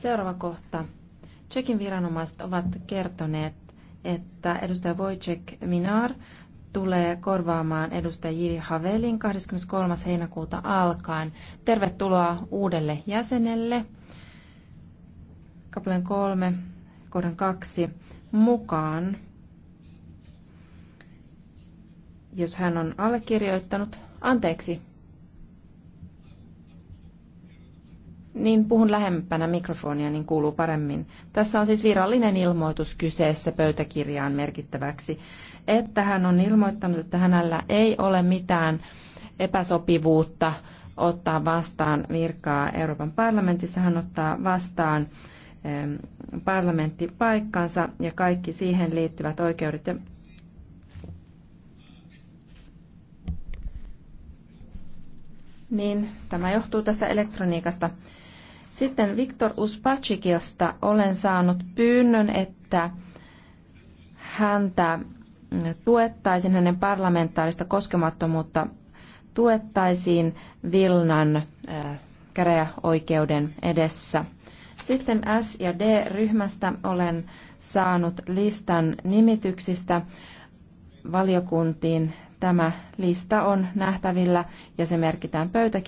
Seuraava kohta. Tsekin viranomaiset ovat kertoneet, että edustaja Wojciech Minar tulee korvaamaan edustaja Jiri Havelin 23. heinäkuuta alkaen. Tervetuloa uudelle jäsenelle. Kapleen 3, kohdan 2 mukaan. Jos hän on allekirjoittanut, anteeksi, Niin puhun lähempänä mikrofonia, niin kuuluu paremmin. Tässä on siis virallinen ilmoitus kyseessä pöytäkirjaan merkittäväksi, että hän on ilmoittanut, että hänellä ei ole mitään epäsopivuutta ottaa vastaan virkaa Euroopan parlamentissa. Hän ottaa vastaan parlamenttipaikkansa ja kaikki siihen liittyvät oikeudet ja niin tämä johtuu tästä elektroniikasta. Sitten Viktor Uspachikilsta olen saanut pyynnön, että häntä tuettaisiin, hänen parlamentaarista koskemattomuutta tuettaisiin Vilnan äh, käräjäoikeuden edessä. Sitten S- ja D-ryhmästä olen saanut listan nimityksistä valiokuntiin Tämä lista on nähtävillä ja se merkitään pöytäkirjaan.